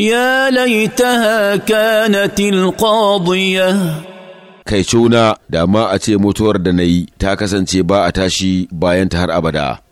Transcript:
يا ليتها كانت القاضية kai cuna da ma a ce mutuwar da na yi ta kasance ba a tashi bayan ta har abada